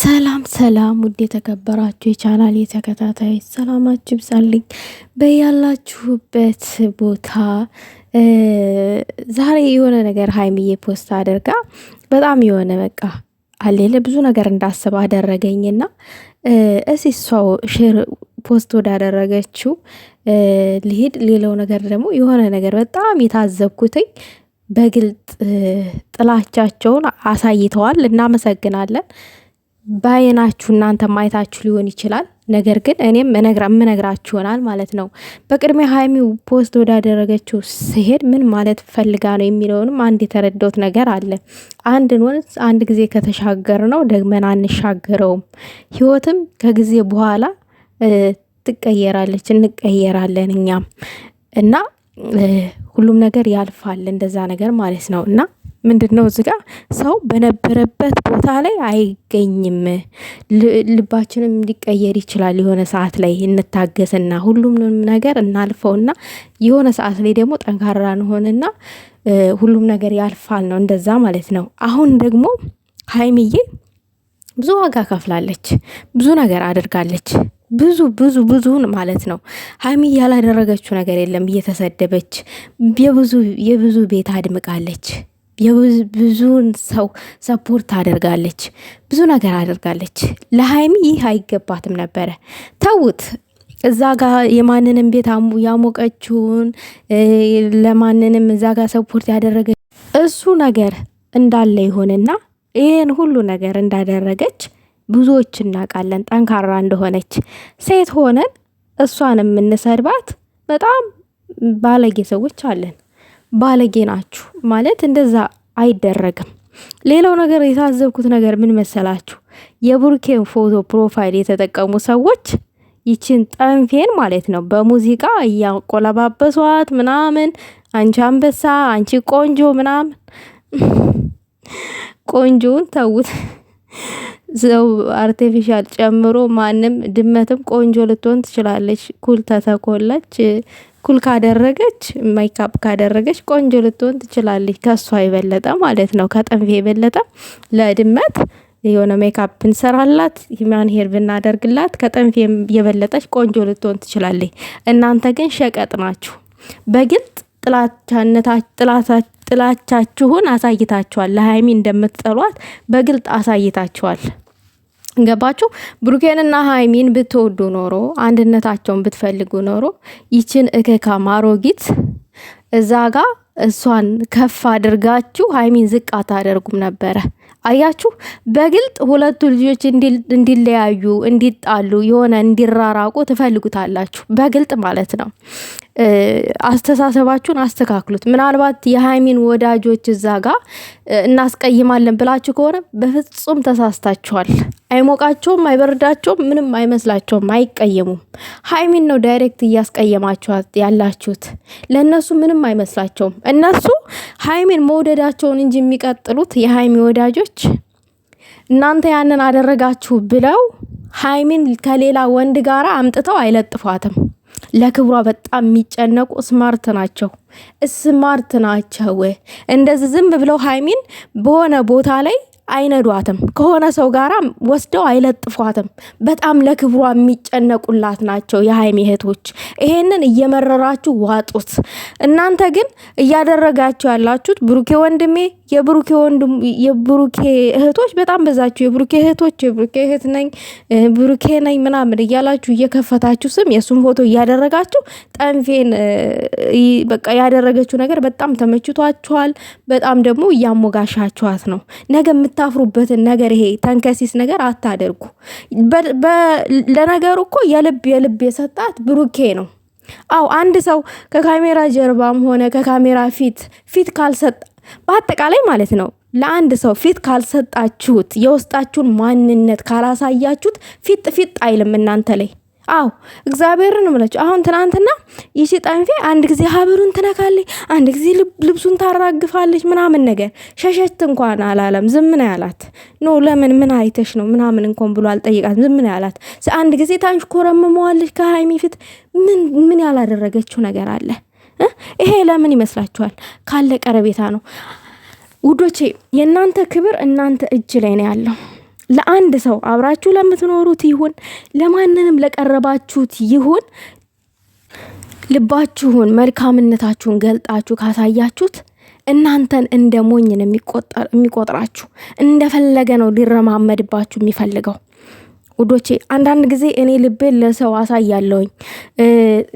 ሰላም ሰላም ውድ የተከበራችሁ የቻናል የተከታታይ ሰላማችሁ ይብዛልኝ በያላችሁበት ቦታ። ዛሬ የሆነ ነገር ሀይሚዬ ፖስት አድርጋ በጣም የሆነ በቃ አሌለ ብዙ ነገር እንዳስብ አደረገኝና እስ ሰው ሼር ፖስት ወዳደረገችው ልሄድ። ሌላው ነገር ደግሞ የሆነ ነገር በጣም የታዘብኩትኝ በግልጥ ጥላቻቸውን አሳይተዋል። እናመሰግናለን። ባይናችሁ እናንተ ማየታችሁ ሊሆን ይችላል። ነገር ግን እኔም የምነግራችሁ ይሆናል ማለት ነው። በቅድሚያ ሀይሚ ፖስት ወዳደረገችው ስሄድ ምን ማለት ፈልጋ ነው የሚለውንም አንድ የተረዳሁት ነገር አለ። አንድን ወንዝ አንድ ጊዜ ከተሻገር ነው ደግመን አንሻገረውም። ህይወትም ከጊዜ በኋላ ትቀየራለች፣ እንቀየራለን እኛም እና ሁሉም ነገር ያልፋል እንደዛ ነገር ማለት ነው እና ምንድን ነው እዚህ ጋር ሰው በነበረበት ቦታ ላይ አይገኝም። ልባችንም ሊቀየር ይችላል። የሆነ ሰዓት ላይ እንታገስና ሁሉም ነገር እናልፈውና የሆነ ሰዓት ላይ ደግሞ ጠንካራ እንሆንና ሁሉም ነገር ያልፋል ነው እንደዛ ማለት ነው። አሁን ደግሞ ሀይሚዬ ብዙ ዋጋ ከፍላለች፣ ብዙ ነገር አድርጋለች። ብዙ ብዙ ብዙ ማለት ነው። ሀይሚ ያላደረገችው ነገር የለም። እየተሰደበች የብዙ የብዙ ቤት አድምቃለች። የብዙን ሰው ሰፖርት አድርጋለች፣ ብዙ ነገር አድርጋለች። ለሀይሚ ይህ አይገባትም ነበረ። ተውት እዛ ጋ የማንንም ቤት ያሞቀችውን ለማንንም እዛ ጋ ሰፖርት ያደረገ እሱ ነገር እንዳለ ይሆንና ይህን ሁሉ ነገር እንዳደረገች ብዙዎች እናውቃለን፣ ጠንካራ እንደሆነች ሴት ሆነን እሷን የምንሰድባት በጣም ባለጌ ሰዎች አለን። ባለጌ ናችሁ ማለት እንደዛ አይደረግም። ሌላው ነገር የታዘብኩት ነገር ምን መሰላችሁ? የቡርኬን ፎቶ ፕሮፋይል የተጠቀሙ ሰዎች ይችን ጠንፌን ማለት ነው በሙዚቃ እያቆለባበሷት ምናምን፣ አንቺ አንበሳ፣ አንቺ ቆንጆ ምናምን። ቆንጆውን ተዉት። ሰው አርቲፊሻል ጨምሮ ማንም ድመትም ቆንጆ ልትሆን ትችላለች። ኩል ተተኮለች ኩል ካደረገች ሜካፕ ካደረገች ቆንጆ ልትሆን ትችላለች። ከእሷ የበለጠ ማለት ነው ከጠንፌ የበለጠ ለድመት የሆነ ሜካፕ ብንሰራላት ሂማን ሄር ብናደርግላት ከጠንፌ የበለጠች ቆንጆ ልትሆን ትችላለች። እናንተ ግን ሸቀጥ ናችሁ። በግልጥ ጥላቻችሁን አሳይታችኋል። ለሀይሚ እንደምትጠሏት በግልጥ አሳይታችኋል። ገባችሁ? ብሩኬንና ሀይሚን ብትወዱ ኖሮ አንድነታቸውን ብትፈልጉ ኖሮ ይችን እከካ ማሮጊት እዛ ጋ እሷን ከፍ አድርጋችሁ ሀይሚን ዝቅ አታደርጉም ነበረ። አያችሁ በግልጥ ሁለቱ ልጆች እንዲለያዩ፣ እንዲጣሉ፣ የሆነ እንዲራራቁ ትፈልጉታላችሁ። በግልጥ ማለት ነው። አስተሳሰባችሁን አስተካክሉት። ምናልባት የሀይሚን ወዳጆች እዛ ጋር እናስቀይማለን ብላችሁ ከሆነ በፍጹም ተሳስታችኋል። አይሞቃቸውም፣ አይበርዳቸውም፣ ምንም አይመስላቸውም፣ አይቀየሙም። ሀይሚን ነው ዳይሬክት እያስቀየማችኋት ያላችሁት። ለእነሱ ምንም አይመስላቸውም። እነሱ ሀይሚን መውደዳቸውን እንጂ የሚቀጥሉት የሀይሚ ወዳጆች ሰዎች እናንተ ያንን አደረጋችሁ ብለው ሀይሚን ከሌላ ወንድ ጋር አምጥተው አይለጥፏትም። ለክብሯ በጣም የሚጨነቁ ስማርት ናቸው፣ ስማርት ናቸው። እንደዚህ ዝም ብለው ሀይሚን በሆነ ቦታ ላይ አይነዷትም። ከሆነ ሰው ጋር ወስደው አይለጥፏትም። በጣም ለክብሯ የሚጨነቁላት ናቸው የሀይሚ እህቶች። ይሄንን እየመረራችሁ ዋጡት። እናንተ ግን እያደረጋችሁ ያላችሁት ብሩኬ ወንድሜ የብሩኬ ወንድም የብሩኬ እህቶች በጣም በዛችሁ። የብሩኬ እህቶች የብሩኬ እህት ነኝ ብሩኬ ነኝ ምናምን እያላችሁ እየከፈታችሁ ስም የእሱን ፎቶ እያደረጋችሁ ጠንፌን በቃ ያደረገችው ነገር በጣም ተመችቷችኋል። በጣም ደግሞ እያሞጋሻችኋት ነው። ነገ የምታፍሩበትን ነገር ይሄ ተንከሲስ ነገር አታደርጉ። ለነገሩ እኮ የልብ የልብ የሰጣት ብሩኬ ነው። አው አንድ ሰው ከካሜራ ጀርባም ሆነ ከካሜራ ፊት ፊት ካልሰጣ በአጠቃላይ ማለት ነው ለአንድ ሰው ፊት ካልሰጣችሁት የውስጣችሁን ማንነት ካላሳያችሁት ፊጥ ፊጥ አይልም እናንተ ላይ። አው እግዚአብሔርን ብላችሁ አሁን ትናንትና ይቺ ጠንፌ አንድ ጊዜ ሀብሩን ትነካለች፣ አንድ ጊዜ ልብሱን ታራግፋለች ምናምን ነገር ሸሸት እንኳን አላለም። ዝምን ያላት። ኖ ለምን ምን አይተሽ ነው ምናምን እንኳን ብሎ አልጠይቃትም። ዝምን ያላት። አንድ ጊዜ ታንሽ ታንሽኮረመመዋለች ከሀይሚ ፊት ምን ምን ያላደረገችው ነገር አለ? ይሄ ለምን ይመስላችኋል? ካለ ቀረቤታ ነው ውዶቼ። የእናንተ ክብር እናንተ እጅ ላይ ነው ያለው። ለአንድ ሰው አብራችሁ ለምትኖሩት ይሁን ለማንንም ለቀረባችሁት ይሁን ልባችሁን መልካምነታችሁን ገልጣችሁ ካሳያችሁት እናንተን እንደ ሞኝ ነው የሚቆጥራችሁ። እንደፈለገ ነው ሊረማመድባችሁ የሚፈልገው። ውዶቼ አንዳንድ ጊዜ እኔ ልቤን ለሰው አሳያለሁኝ።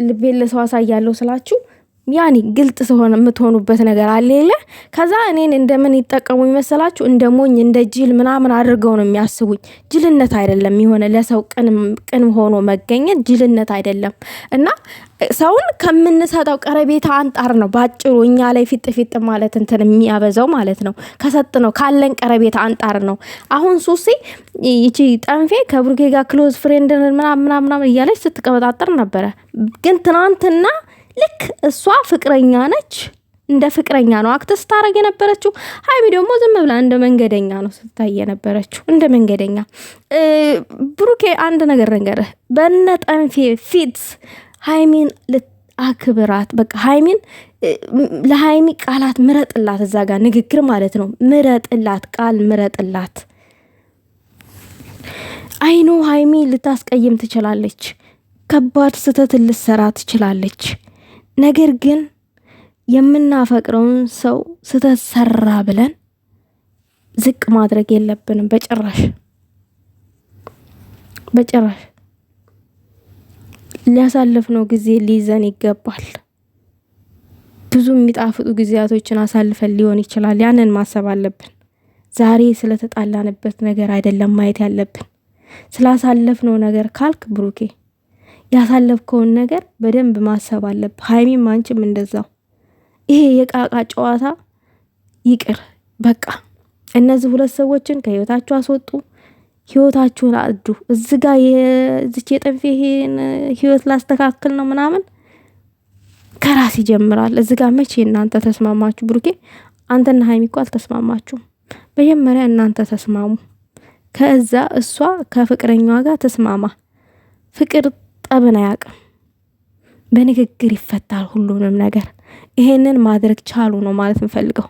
ልቤን ለሰው አሳያለሁ ስላችሁ ያኔ ግልጥ ስሆነ የምትሆኑበት ነገር አለ የለ። ከዛ እኔን እንደምን ይጠቀሙ ይመስላችሁ? እንደ ሞኝ እንደ ጅል ምናምን አድርገው ነው የሚያስቡኝ። ጅልነት አይደለም የሆነ ለሰው ቅን ሆኖ መገኘት ጅልነት አይደለም። እና ሰውን ከምንሰጠው ቀረቤታ አንጣር ነው በአጭሩ እኛ ላይ ፊጥ ፊጥ ማለት እንትን የሚያበዛው ማለት ነው። ከሰጥ ነው ካለን ቀረቤታ አንጣር ነው። አሁን ሱሴ ይቺ ጠንፌ ከብሩኬ ጋር ክሎዝ ፍሬንድን ምናምን ምናምን እያለች ስትቀበጣጠር ነበረ ግን ትናንትና ልክ እሷ ፍቅረኛ ነች፣ እንደ ፍቅረኛ ነው አክት ስታረግ የነበረችው። ሀይሚ ደግሞ ዝም ብላ እንደ መንገደኛ ነው ስታይ የነበረችው፣ እንደ መንገደኛ። ብሩኬ አንድ ነገር ነገር በነ ፊት ሀይሚን አክብራት። በቃ ሀይሚን ለሀይሚ ቃላት ምረጥላት፣ እዛ ጋር ንግግር ማለት ነው። ምረጥላት፣ ቃል ምረጥላት። አይኖ ሀይሚ ልታስቀይም ትችላለች። ከባድ ስህተት ልትሰራ ትችላለች። ነገር ግን የምናፈቅረውን ሰው ስተሰራ ሰራ ብለን ዝቅ ማድረግ የለብንም። በጭራሽ በጭራሽ። ሊያሳለፍነው ጊዜ ሊይዘን ይገባል። ብዙ የሚጣፍጡ ጊዜያቶችን አሳልፈን ሊሆን ይችላል። ያንን ማሰብ አለብን። ዛሬ ስለተጣላንበት ነገር አይደለም ማየት ያለብን። ስላሳለፍነው ነገር ካልክ ብሩኬ ያሳለፍከውን ነገር በደንብ ማሰብ አለብ ሀይሚም አንችም እንደዛው። ይሄ የቃቃ ጨዋታ ይቅር በቃ። እነዚህ ሁለት ሰዎችን ከህይወታችሁ አስወጡ፣ ህይወታችሁን አዱ። እዚ ጋ የዚች የጠንፌ ህይወት ላስተካክል ነው ምናምን ከራስ ይጀምራል። እዚ ጋ መቼ እናንተ ተስማማችሁ? ብሩኬ አንተና ሀይሚ እኮ አልተስማማችሁም። መጀመሪያ እናንተ ተስማሙ፣ ከዛ እሷ ከፍቅረኛዋ ጋር ተስማማ ፍቅር ጠብን አያውቅም። በንግግር ይፈታል ሁሉንም ነገር። ይሄንን ማድረግ ቻሉ ነው ማለት እንፈልገው።